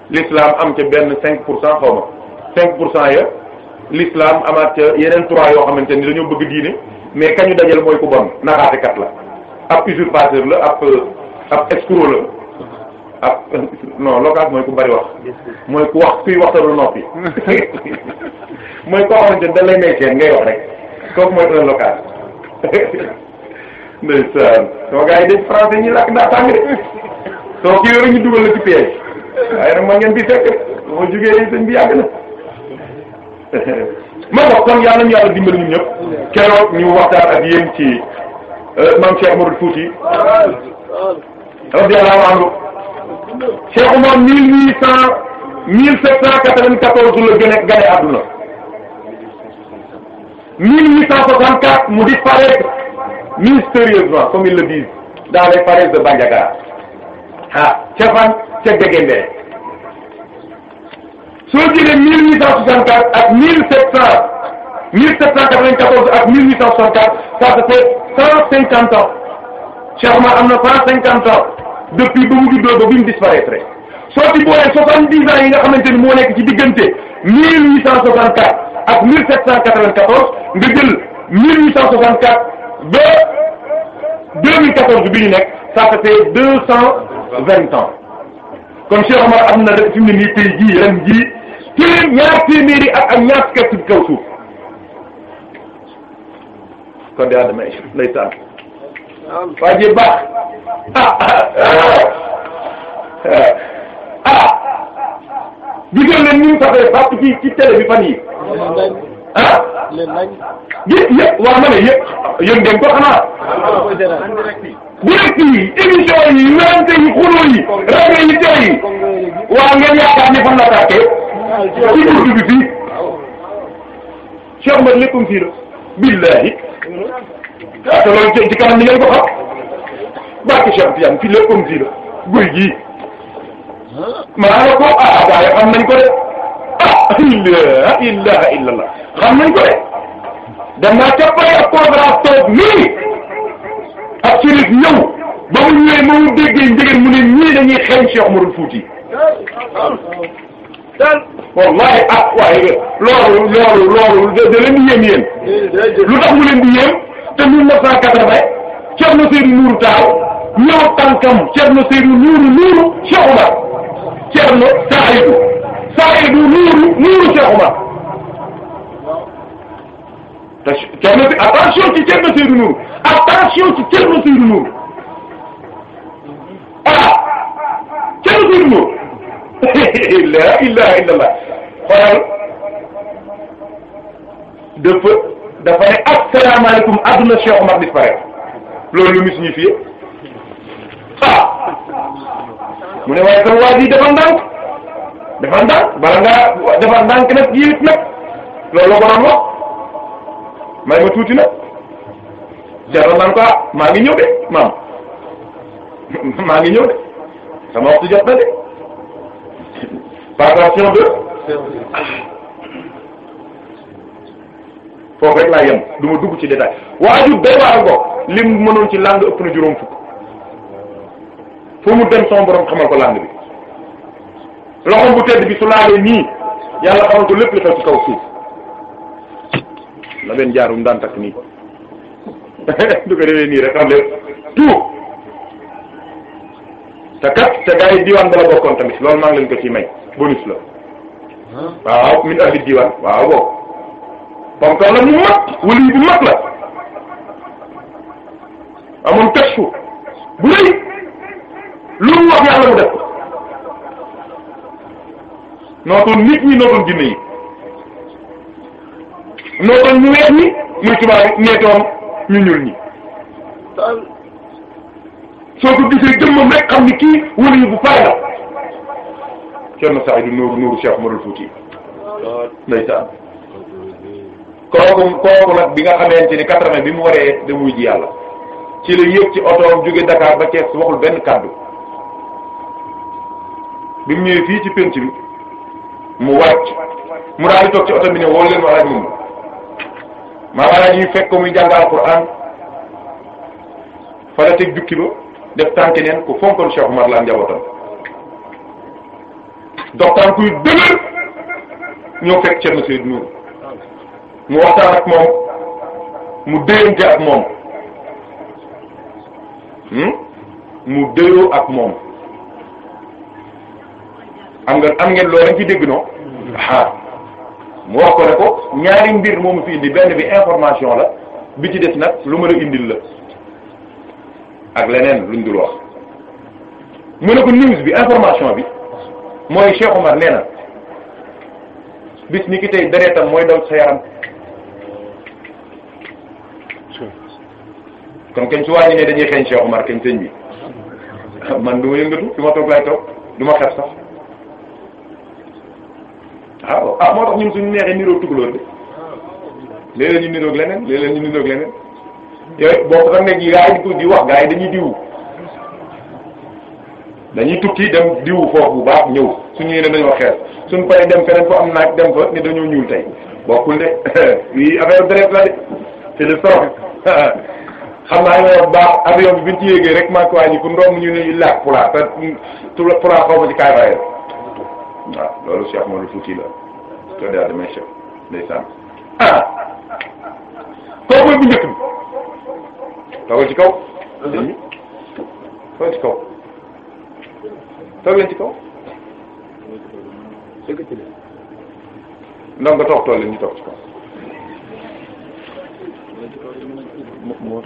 l'islam am ca benn cinq pour cent xaw ma cinq pour cent ya l'islam amaat ca yeneen trois yoo xamante ni dañoo bëgg diine mais kañu dajal mooy ku bon naxaatekat la ab usurpateur la ab ab escroc la ab non local mooy ku bari wax mooy ku wax kuy waxtalu noppi mooy koo xamante ni da lay nekkee ngay wax rek kooku mooy un local ndeysaan sama gars yi dañ français ñi làkk daa tàng de soo kii rek ñu dugal la ci piège waaye ma ngeen bi fekk ba ma jugee sëñ bi yàgg kon yàlla nañu yàlla dimbali ñun ñëpp keroog ñu waxtaan ak yéen ci euh, maam Cheikh tuti Fouti radiyallahu anhu Cheikh Omar mille huit cent mille sept cent quatre vingt gane àdduna mille huit cent soixante-quatre mu disparaître mystérieusement comme ils le disent dans les parages de Bandiagara ah ca fan ca Dégende soo jëlee mille huit cent soixante quatre ak mille sept cent mille sept cent quatre-vingt-quatorze ak mille huit cent soixante quatre cent cinquante ans Cheikh Omar am na cent cinquante ans depuis ba mu juddoo ba bi mu disparaître soo ci boolee soixante dix ans yi nga xamante ni moo nekk ci diggante mille huit cent soixante quatre ak mille sept cent quatre-vingt-quatorze nga jël ba 2014 bi ñu nekk ça fait deux cent vingt ans kon Cheikh Omar am na rek fi mu ne nii tey jii ren jii téem ñaar ak ak ñaar fukki ci kaw de Adama lay sànq. waa ji baax ah ah ah. ah, ah. digal leen ñu ngi fàttali fàttali ci ci télé bi fan yi ah. yëpp yëpp wax ma ne yëpp yëpp ngeen ko xanaa. direct yi émission yi werante yi xuloo yi rajo yi télé yi waaw ngeen yaakaar ni fan la tàkkee ci guddi bi fii Cheikh Mbad léppam fii la billahi ah te loolu ci kanam ni ngeen ko xam barke Cheikh Tidiane fii léppam fii la guy gii ah. maa nga ko ah waaye xam nañ ko de la ilaha illallah xam nañ ko de dem naa cappalee ak conférence toog nii ak Chérif ñëw ba mu ñëwee ba mu déggee njëgën mu ne ñii dañuy xeeñ Cheikh Oumar Fouti. wallahi ah waaye loolu loolu loolu da da leen di yéem yéen lu tax mu leen di yéem te mille neuf cent quatre-vingt Thierno Seydou Nourou Taaw ñëw tànkam Thierno Seydou Nourou Nourou Cheikh Oumar Thierno Saïdou qaidu nuuru nuuru Cheikh Omar te Thierno attention ci Thierno Seydou Nourou attention ci Thierno Seydou Nourou ah Thierno Seydou Nourou la ilaha illallah xoolal dafa dafa ne asalaamaaleykum adduna Cheikh Omar disparaît loolu lu mu signifié ah mu ne waaye defar ndànk bala ngaa defar ndànk nag yéeg nag loolu ko doon may ma tuuti nag jarul naan ko ah maa ngi ñëw de maam maa ngi ñëw de sama waxtu jot laa yem du ma dugg ci détail waajur day waar ko lim mënoon ci langue ëpp na juróom fukk fu mu dem son borom xamal ko langue bi. loxoom bu tedd bi su laalee nii yàlla xamal ko lépp li xew ci kaw suuf la benn jaarum daan takk nii du ko defee nii rek xam leen tout te kat te gars yi diwaan bala bokkoon tamit loolu maa ngi leen ko ci may bonus la ah. waaw min ahli diwaan waaw boobu ponkal la mu mag wëli bu mag la amoon kacfu bu rëy lu mu wax yàlla mu def nootoon nit ñi nootoon jinne yi nootoon ñu weex ñi muy tubaab yi neetoon ñu ñuul ñi soo ko gisee jëmmam rek xam ni kii wala yu bu faay la kenn saa yi du nuuru nuuru Cheikh Modou bi nga xamante ni quatre bi mu waree da ji yàlla ci la yëg ci otoom jóge Dakar ba Thiès waxul benn kàddu bi mu ñëwee fii ci penc bi mu wàcc mu daal di toog ci oto bi ne woo leen wax ak ñun maam yi fekk ko muy jàng alquran fa la teg jukki ba def tànki neen ku fonkoon Cheikh Oumar la njabootam doxtaan kuy dëgër ñoo fekk Thierno Seydou Nour mu waxtaan ak moom mu déyante ak moom hmm? mu déyoo ak moom am nga am ngeen loolu lañ ci dégg noo mu wax ko ne ko ñaari mbir moomu fi indi benn bi information la bi ci des nag lu ma la indil la ak leneen luñ dul wax mu ne ko news bi information bi mooy Cheikh Omar nee na bis ni ki tey deretam mooy daw sa yaram kon kañ su wàññi ne dañuy xeeñ Cheikh Omar kañ sëñ bi man du ma yëngatu du ma toog laay toog du xet sax waaw ah moo tax ñun suñu neexee niroog tukulóor bi léeg-léeg ñu niroog leneen léeg-léeg ñu niroog leneen yooyu boo ko fa nekk gaa yi di ko di wax gaa yi dañuy diwu dañuy tukki dem diwu foofu bu baax ñëw suñu ne dañoo xees suñ paree dem feneen foo am naaj dem ko ni dañoo ñuul tey bokkul de yi affaire deret la de c'est le sort xam naa yow baax avion bi biñ ci yéegee rek maa ko waa ji ku ndoom ñu ne ñu laaj pulaar waaw loolu Cheikh Modou Fouti la te daal damay Cheikh ndeysaan ah kooku mooy bu njëkk bi toogal ci kaw. sëñ bi toogal ci kaw toogal ci kaw ndax nga toog tool yi ñu toog ci kaw. moo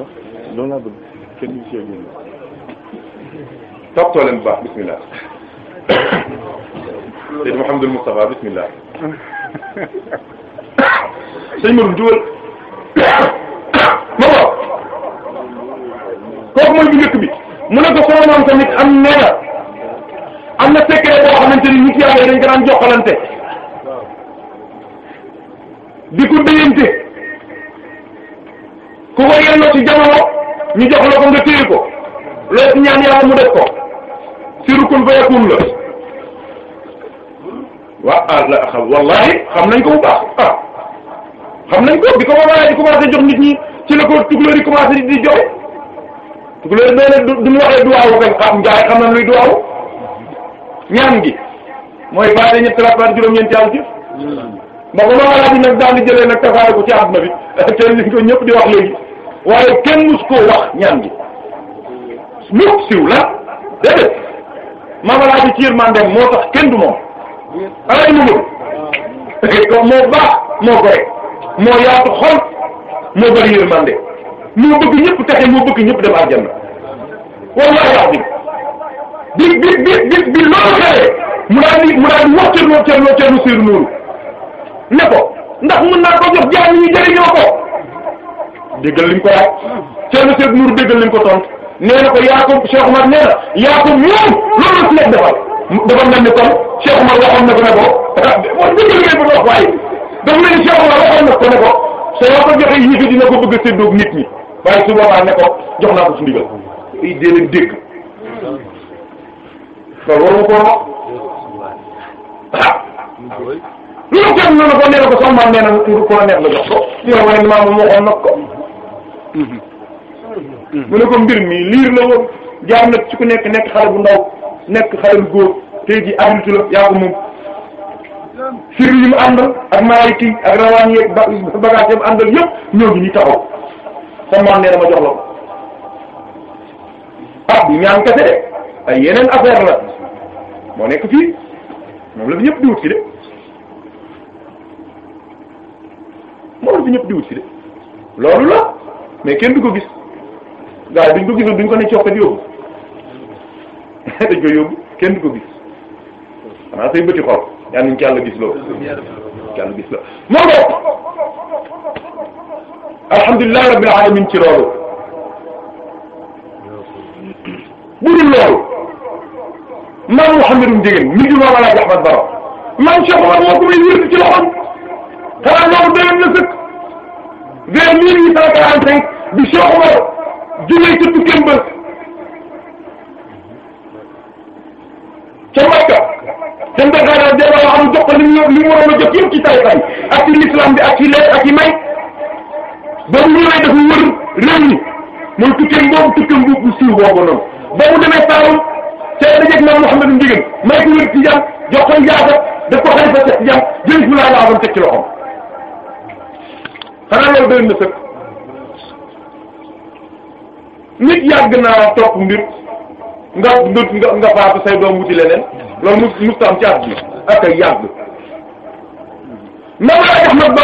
tax loolu bu baax bismillah. Seydi Mouhamadul Moustapha bismillah sëñ Maodo dugal ma ko kooku mooy bu njëkk bi mu ne ko sama maam tamit am nee na am na secret boo xamante ni nit yàlla dañ ko ko déyante ku ci jamono ñu jox la ko nga téye ko loo ci ñaan yàlla mu def ko si rukun fa yakun la waaw ah la xam wallahi xam nañ ko bu baax ah xam ko bi ko ba di commencé jox nit ñi ci la ko tukulóor yi commencé di jox tukulóor nee du ñu waxee duwaawu rek xam njaay xam nañ luy duwaawu ñaan gi mooy baale ñetti rafet juróom-ñeenti àll ci. ba ko ma laaj nag daal di jëlee nag tasaare ko ci àdduna bi te ñu ko ñëpp di wax léegi waaye kenn mus koo wax ñaan gi lu siw la déedéet maama laaj ci yërmande moo tax kenn du moom. alal ñu ngi comme moo baax moo gore moo yaatu xol moo bari yërmande moo bëgg ñëpp taxe moo bëgg ñëpp dem aljanna wallahi azim bi bi bi bi bi loolu xewee mu daal di mu daal di wax Thierno Thierno Thierno Seydou Nourou ne ko ndax mën naa ko jox jaay ñu jëriñoo ko déggal liñ ko laaj Thierno Seydou déggal liñ ko tontu nee na ko yaa ko Cheikh Omar nee na loolu si nekk defal dafa mel ni kon. Cheikh Umar waxoon na ko ne ko mooy dëgg la bëgg a wax waaye dafa mel ni Cheikh Umar waxoon na ko ne ko soo ko yii fi dina ko bëgg a séddoog nit ñi waaye su ne ko ko ci ndigal ay dee leen dégg loolu ko ah. nee na ko ko la neex la ko li ne maam ko mm-hmm. mu ne ko mbir nekk nekk xale bu nekk xale bu tey jii abritu la yaa ko moom sir yi mu àndal ak malayka yi ak rawaan yi ak ñoo ngi ñu taxaw sa maam nee na ma jox la ko ah du ñaan kese de ay yeneen affaire la moo nekk fii moom la fi ñëpp di wut si de moom fi ñëpp di wut si de loolu la mais kenn du ko gis gars yi duñ ko gisoon duñ ko ne coppite yóbbu dañ ko yóbbu kenn du ko gis xanaa say bëti xol yaa ngi ci yàlla gis loo yàlla gis loo moo ko alhamdulilah rabbil alamin ci loolu bu dul loolu maam mi ngi maam Alaaji Ahmad Baro maam Cheikh Omar moo ko may wér ci loxoom xanaa loolu doyoon na sëkk vers mille huit jóg li mu waroon a jóg yëpp ci tariqa bi ak ci l'islam bi ak ci may ba mu ñëwee dafa wër réew mi mooy tukkeem boobu tukkeem bu siiw boobu noonu ba mu demee Saalum ca dajeg maam Mouhamadou Ndieguène may ko wër ci jàmm jox ko ko xalifa teg ci jàmm jël bi laa laajoon teg ci loxoom xanaa loolu na topp mbir nga nga faatu say doom wuti leneen loolu mu mu am ci àdduna ak même la Ahmad Bamba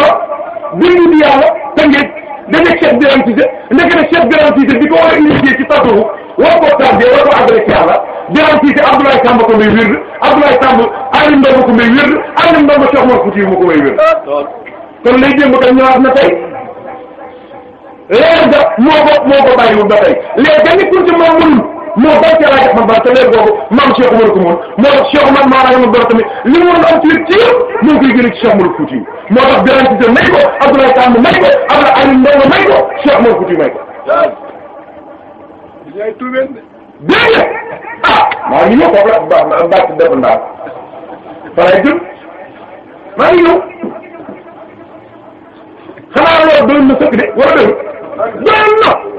bindu di yàlla tënkee daje chef Birame Cissé nekk na chef Birame Cissé di ko war a initier ci tasawuf war koo tardé war koo adressé yàlla Birame Cissé Abdoulaye Samba ko may wérd Abdoulaye Samba Alim Ndongo ko may wérd Alim Ndongo Cheikh Mor Fouti mu ko may wérd kon lay démb kat ñëwaat na tey leer ga moo ko moo ko bàyyiwul ba tey leer ga moo bay teel a jox man bala te leer boobu maam Cheikh Umar ko moom moo tax Cheikh Umar maa ngi doon tamit li mu waroon am ci ci yëpp moo koy génne ci Cheikh Umar Fouti moo tax Birame Cissé may ko Abdoulaye Samb may ko Abdoulaye Aliou Ndongo may ko Cheikh Umar Fouti may ko. dégg nga ah maa ngi ñëw foofu la ba baax ci dëkk Ndao balay jëm maa ngi ñëw xanaa loolu doon na sëkk de wala doon doon na.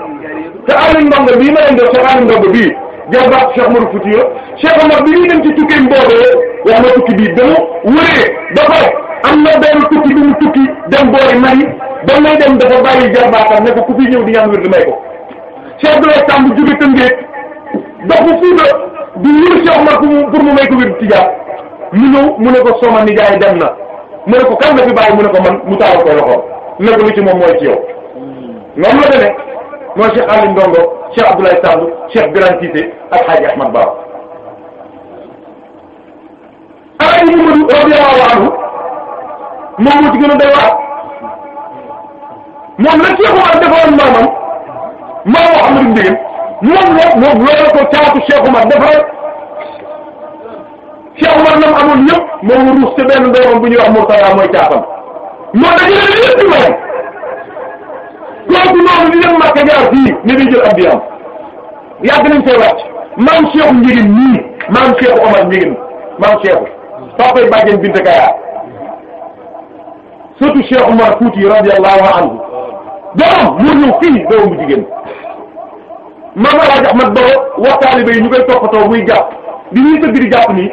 te Aliou Ndongo bii ma leen def Cheikh Aliou Ndongo bii jarbaat Cheikh Modou Fouti la Cheikh Omar bi ñuy dem ci tukki boobee wax na tukki bii dama wëree ba pare am na benn tukki bi mu tukki dem boori Mali ba dem dafa bàyyi jarbaatam ne ko ku fi ñëw di ñaan wér di may ko Cheikh Abdoulaye Samb bu jóge Tëngéej dox ko Fuuta di wër Cheikh Omar pour mu may ko wér ci mu ne ko Soma nijaay dem na mu ne ko kan la fi bàyyi mu ne ko man mu taalal ko loxo ne ko li ci moom mooy ci yow noonu mooy Cheikh Ali Ndongo Cheikh Abdoulaye Sall Cheikh Birane Cissé ak Hadji Ahmad Ba alaaji Mamadou radiyallahu anhu moom moo ci gën a doy waar moom la Cheikh Omar defaroon maamam maam Mouhamadou Ndieguène moom la moom loolu ko caatu Cheikh Omar defaroon Cheikh Omar nam amoon ñëpp moom ruus te benn doomam bu ñuy wax Mourtala mooy caatam moo dajale lépp ci kooku noonu di dem Makka jaar fii ni di jël abdiyam yàgg nañ see wàcc maam Cheikhu Njigin nii maam Cheikhu Omar Njigin maam Cheikhu papay bàjjen binte Kaya surtout Cheikh Omar Fouti radiyallahu anhu doom mu ñëw fii doom jigéen maam Alaaji Ahmad Baro wax taalibe yi ñu koy toppatoo muy jàpp di ñuy tëgg di jàpp nii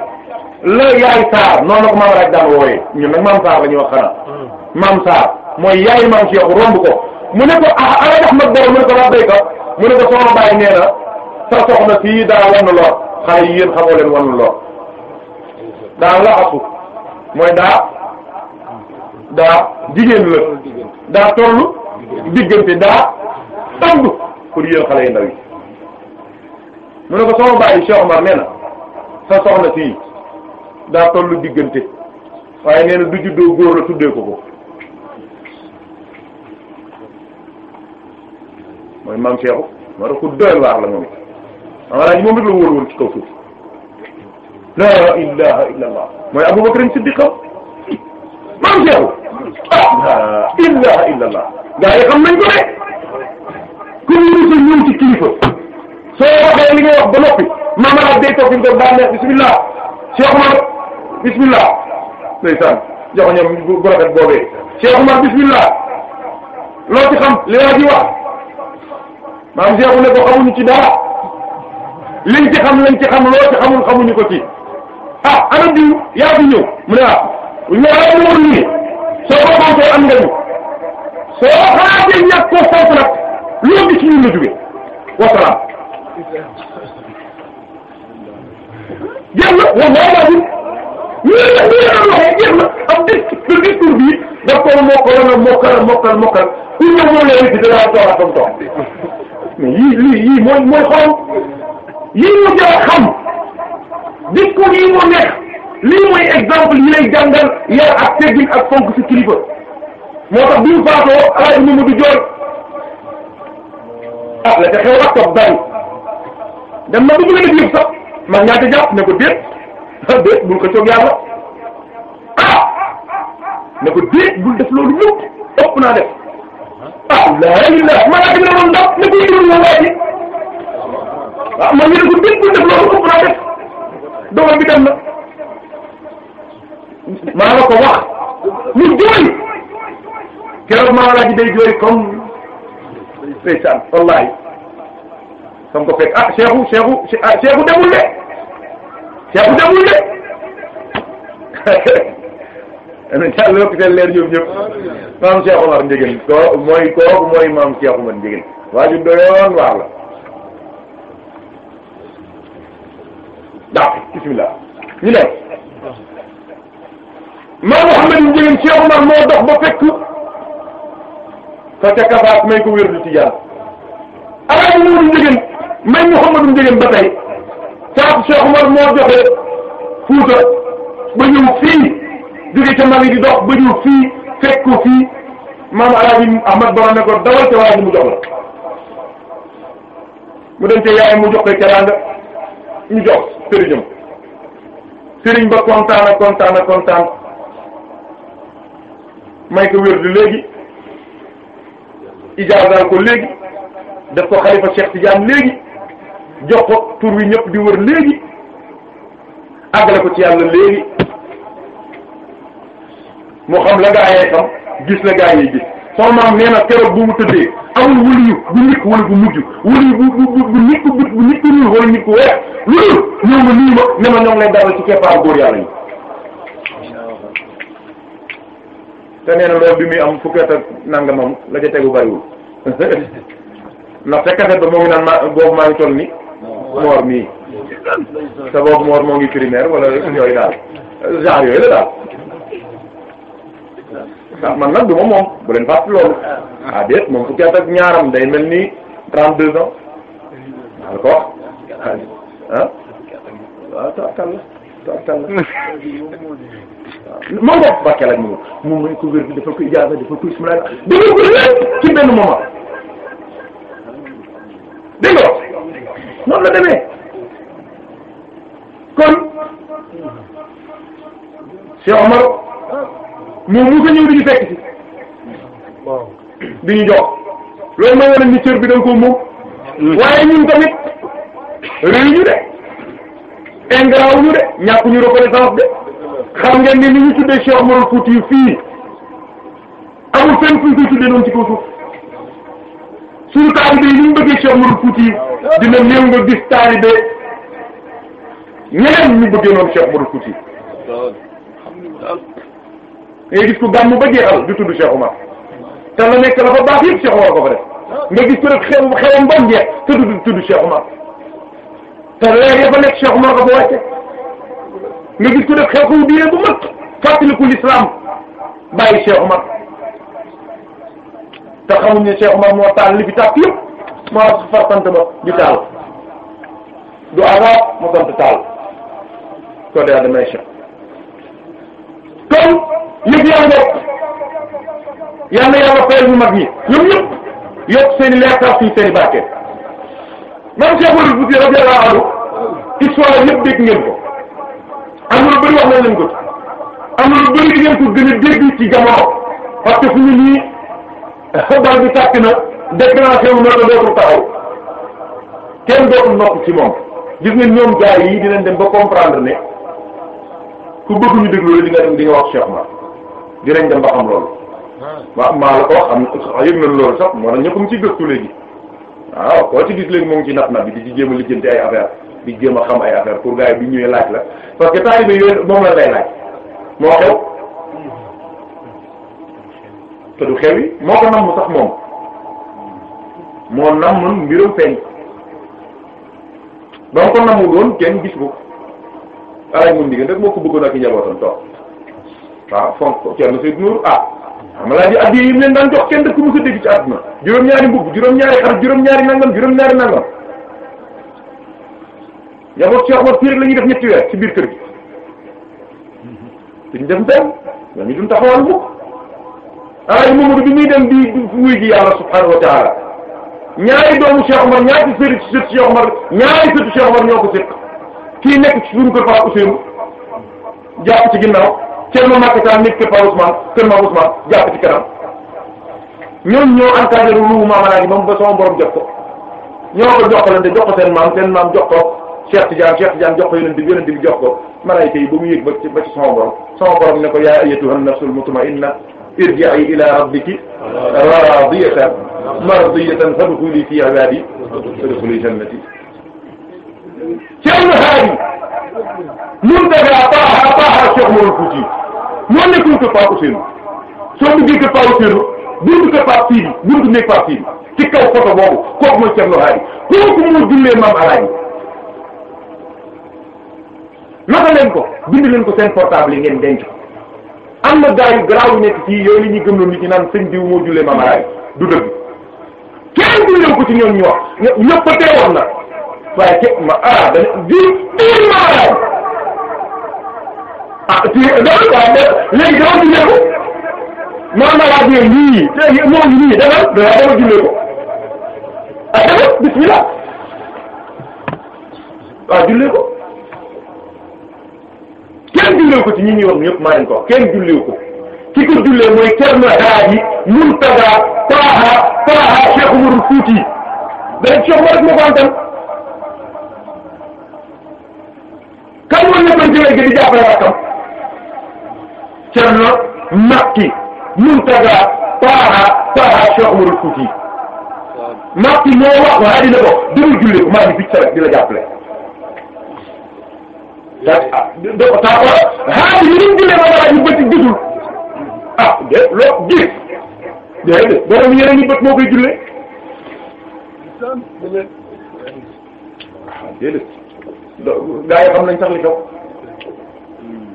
la yaay Sarr noonu la ko maam daan wooyee ñun nag maam Sarr la ñuy wax xanaa mm. maam Sarr mooy yaay maam Cheikhu romb ko mu ne ko ah ala jox ma dara mu ne ko wax day ko mu ne ko na sa daa wan lor xale yi yéen xamoo leen wan lor daa laxasu mooy daa daa jigéen la daa tollu diggante daa ëmb pour yéen xale yu ndaw yi mu ne ko sama bàyyi Cheikh Omar nee na sa soxna fii daa tollu diggante waaye nee na du juddoo góor la tuddee ko ko mooy maam Cheikhou moo tax ku doy waar la moom it maanaam ñi la wóor woon ci kaw laa ilaha illa allah mooy Aboubacar Siddiq maam Cheikhou ilaha illa allah xam nañ ko de ku ñu ñëw ci kilifa soo waxee li ngay ba noppi maam Arab day toog fi bismillah Cheikh Omar bismillah loo ci xam li waa maam Seexu ne ko xamuñu ci dara liñ ci xam lañ ci xam loo ci xamul xamuñu ko ci ah ana diw yaa fi ñëw mu ne ah ñëwaat mu war ñu soo ko xamtee am nga ñu soo xaatee ñàkk koo foofu nag loo gis ñun la jóge wasalaam jeex na wax nga amaat ñun ñun ñëpp ñu leen waxee jeex na am discours discours bii daf koo mokkal mokkal mokkal mokkal ku ñëw moo leen di dara toog ak mais yii lii yii mooy mooy xool yii mu jar a xam discours yii moo nekk lii mooy exemple yi lay jàngal ak teggin ak fonk ci kilifa moo tax bi mu faatoo alaaji ah la ca xew ak toog bari dem na ba bëgg na jiw sax man ñaata jàpp ne ko déet ah, bul ko soog yàlla ah ne ko déet bul def loolu lépp ëpp naa def. ah laa illah malaaka bi ne doon ndax ne ko yëngu na waa ji waaw man ñu ne ko gën bu def loolu ëpp naa def doomam bi dem na maa la ko wax ñu jooy keroog maa laa ji day jooy comme ndeysaan wallahi sam ko fekk ah cheikhu cheikhu ah cheikhu demul de cheikhu demul de danañ yàlla yokk seen leer ñoom ñëpp maam Cheikh Omar Ndiéguène koo mooy kooku mooy maam Cheikh Omar Ndiéguène waa ju doyoon waar la daaw bismillah ñu ne maam Mouhamed Ndiéguène Cheikh Omar moo dox ba fekk fa ca kafaat may ko wér du tijaan alaaji Nuuru Ndiéguène may Mouhamed Ndiéguène ba tey saab Cheikh Omar moo joxe Fuuta ba ñëw fii jóge ca Mali di dox ba ñëw fii fekk ko fii maam alaaji Ahmad Baro ne ko dawal ca waa ji mu jox la mu dem ca yaay mu jox ko teraanga ñu jox sëriñam sëriñ ba kontaan ak kontaan may ko wér di léegi ijaazaal ko léegi def ko xalifa Cheikh Tidiane léegi jox ko tur wi ñëpp di wër léegi àggale ko ci yàlla léegi moo xam la nga ayee xam gis la gaa yi gis sama maam nee na keroog bu mu tëddee amul wuli yu bu nit wala bu mujj wuli bu bu bu nit ku bu nit ku ñuul wala nit ku weex loolu ñëw nga nii ma ne ma ñoom lay dalal ci keppaaru góor yàlla yi. te nee na loolu bi muy am fukki at ak nangamam la ca tegu bariwul ndax te kaset ba moo ngi naan ma boobu maa ngi toll ni moor mii te boobu moor moo ngi primaire wala yooyu daal genre yooyu la daal. ndax ah, man nag du ma moom bu leen fàtt loolu ah. ah déet moom fukki at ak ñaaram day mel ni trente deux ans waal ko ah, ah waaw toarkall toarkall moo ngo barke lak moom moom lañ ko wér bi dafa ko ijaasa dafa ko ismila dafa ko lépp ci benn moment dégg nga noonu la demee kon Cheikh Omar moom mu ko ñëw di ñu fekk ci di ñu jox loolu mooy wane ni cër bi da nga ko moom mm. waaye ñun tamit réew ñu de ingraw ñu de ñàkk ñu reconnaissance de xam ngeen ni ni ñu tuddee Cheikh Oumar Foutiyou fii amul fenn fuñ koy tuddee noonu ci kaw suuf suñu taalibe yi ni ñu bëggee Cheikh Oumar Foutiyou dina néew nga gis taalibe ñeneen ñu bëggee noonu Cheikh Oumar Foutiyou ngay gis ko gàmm ba jeexal du tudd Cheikh Omar te la nekk la fa baax yëpp Cheikh Omar ko fa def nga gis ko rek xew xewam ba jeex te du tudd Cheikh Omar te leer ya fa nekk Cheikh Omar ko fa wàcce nga gis ko rek xew xew diine bu mag fàttaliku l'islam bàyyi Cheikh Omar te xamuñ ne Cheikh Omar moo taal li fi tàkk yëpp moo tax far ba di taal du araab mu sant taal soo dee damay Cheikh yëg yaa ngoog yal na yàlla fayal ñu mag ñi ñoom ñëpp yokk seen i leertaaf suñ seen i barke. même Cheikh Walid Bouti radiyallahu anhu histoire yëpp dégg ngeen ko am na lu bëri wax nañ leen ko am na lu bëri ngeen ko gën a dégg ci jamono parce que fu ñu nii xabaar bi tàkk na déclenché wu noonu dootul taxaw kenn dootul nopp ci moom gis ngeen ñoom gaay yi dinañ dem ba comprendre ku bëgg ñu déglu la di nga dem di nga wax Cheikh Mar. dinañ dem ba xam loolu. Hmm. waaw maa la ko wax yëg nañ loolu sax moo tax ñëpp ci gëstu léegi waaw koo ci gis léegi mu ngi ci nat na bi di ci jéem a ay affaire di jéem a xam ay affaire pour gars yi bi ñëwee laaj la parce que taalibe yooyu moom la lay laaj moo xew te du xew yi moo ko nam mu sax moom moo nam mun mbirum feeñ ba nga ko namu doon kenn gis ko alaaj mun diggan rek moo ko bëggoon ak i njabootam toog waaw fonk Thierno Seydou Nour ah xam laa addi yi leen daan jox kenn dëkk mu sa dégg ci àdduna juróom-ñaari mbubb juróom-ñaari xar juróom-ñaari nangam juróom-ñaari nangam yaboot Cheikh Omar Pire la ñuy def ñetti weer ci biir kër gi duñ dem benn dañu duñ taxawal mukk alaaji Mamadou bi muy dem di wuy gi yàlla subhanahu wa taala ñaari doomu Cheikh Omar ñaari sëri ci sët ñaari sëtu Cheikh Omar ñoo ko séq kii nekk ci suñu kër Pape Ousseynou jàpp ci ginnaaw Thierno Makhtar nekk kër Pa Ousmane kër Maam Ousmane jàpp ci kanam ñoom ñoo encadré ruubu Maam Alaaji moom ba sama borom jox ko ñoo ko jokkalante jox ko seen maam seen maam jox ko Cheikh Tidiane Cheikh Tidiane jox ko yonent bi yonent bi jox ko malaayika yi ba mu yëg ba ci ba ci sama borom sama borom ne ko yaa ayyatuha nafsul mutma'inna irji'i ila rabbiki radiyatan mardiyatan fadkhuli fi ibadi fadkhuli jannati Thierno Haadi mun daga baaxa baaxa Cheikh Mawal Fouti moo nekkoon kër Pape Ousseynou soo duggee kër Pape Ousseynou buntu kër Pape Sidi buntu nekk Pape Sidi ci kaw photo boobu kooku mooy Cheikh Lohaari kooku moo jullee maam Alaaji naka leen ko bind leen ko seen portable yi ngeen denc am na gaa yu garaaw yu nekk fii yooyu la ñuy gëmloo nit ñi naan sëñ diw moo jullee maam Alaaji du dëgg kenn jullee ko ci ñoom ñu wax ñëpp na. waaye képp ma ah dana ji ji maanaam ah ci loolu waaw léegi dama jullee ko maa ma laaj yooyu lii léegi moom lii dama dama jullee ko ah dama bismillah waaw ah, jullee ko kenn jullee ko ci ñi ñuy wax ñëpp maa leen ko wax kenn jullee ko ki ko jullee mooy Thierno Hady Mourtada Taha Taha Cheikh Oumar Fouti dañ Cheikh Oumar rek ma ko antal kan moo nekkoon ci wér gi di jàppale rakkam Cerno Makki Muntaga Taaha Taaha Cheikh Oumar Fouti Makki moo wax waaye dina ko demul julli ko maa ngi fi di la jàppale. ah doo ko taxawal ah li ñu jullee ba dara ñu bëtt gisul ah de loo gis déedéet borom yeneen ñu bët moo koy jullee déedéet. Ah, gaa yi xam nañ sax li xew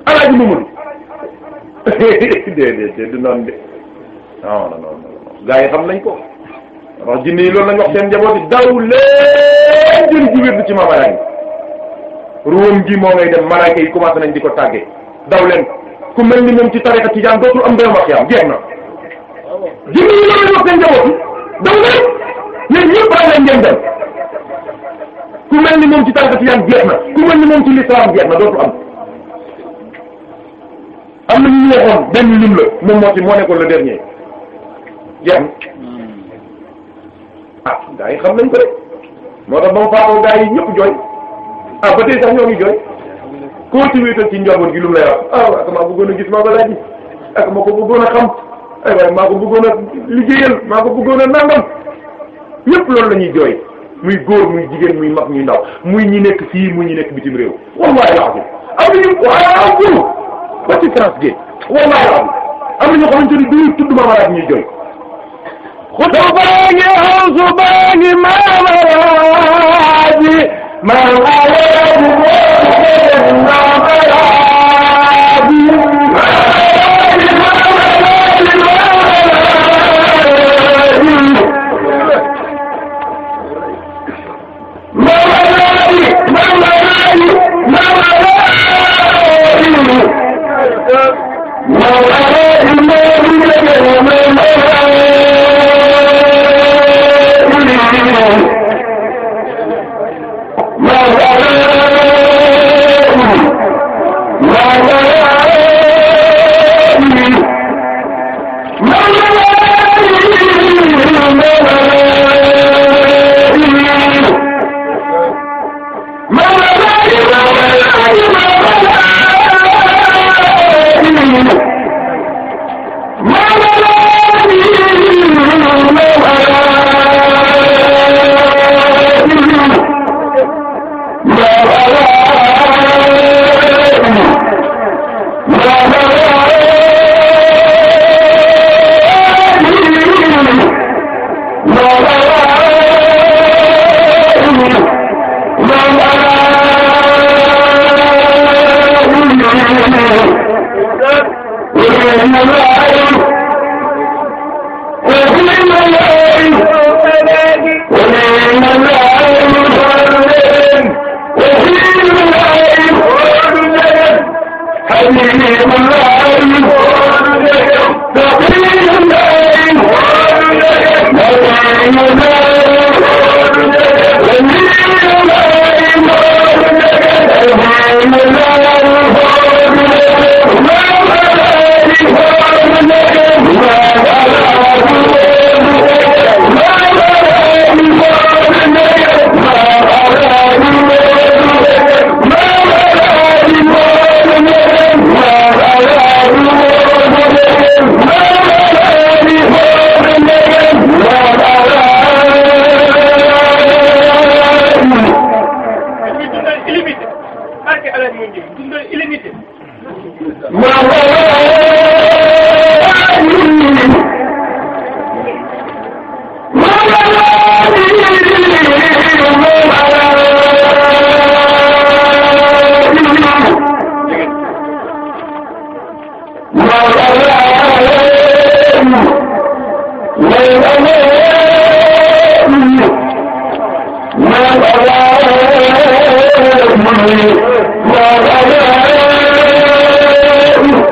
alaaji Mamadou déedéet déedéet du noonu de non non non gaa yi xam nañ ko wax jinne yi loolu lañ wax seen njaboot yi daw leen jël ji wér ci maamalaay ruwam gi moo ngay dem malaaka yi nañ di ko tàggee daw leen ku mel ni moom ci tariqa ci jaan dootul am doy wax yaam jeex na jinne yi loolu lañ wax seen njaboot yi daw leen ñun ñëpp bàyyi leen ngeen dem ku mel ni moom ci tariqa tijaan jeex na ku ni moom ci l'islam jeex na dootu am am na ñu waxoon benn lim la moom moo ci moo nekkoon le dernier jeex na ah, gaa yi xam nañ ko de moo tax ba mu gaa yi ñëpp jooy ah ba tey sax ñoo ngi jooy continuité ci njaboot gi lu mu lay wax ah ak maa ko bëggoon a gis maa ko laaj ak maa ko bëggoon a xam ay waaye maa ko bëggoon a liggéeyal maa ko bëggoon a loolu la ñuy jooy muy góor muy jigéen muy mag muy ndaw muy ñi nekk fii muy ñi nekk bitim réew wallahi laasim am nañu waaw ba ci France gi wallahi laasim am nañu xamante ni duñu tudd maama laaj ñuy jooy xutu baa ngi xawsu baa ngi maama laaji maama laaji مولا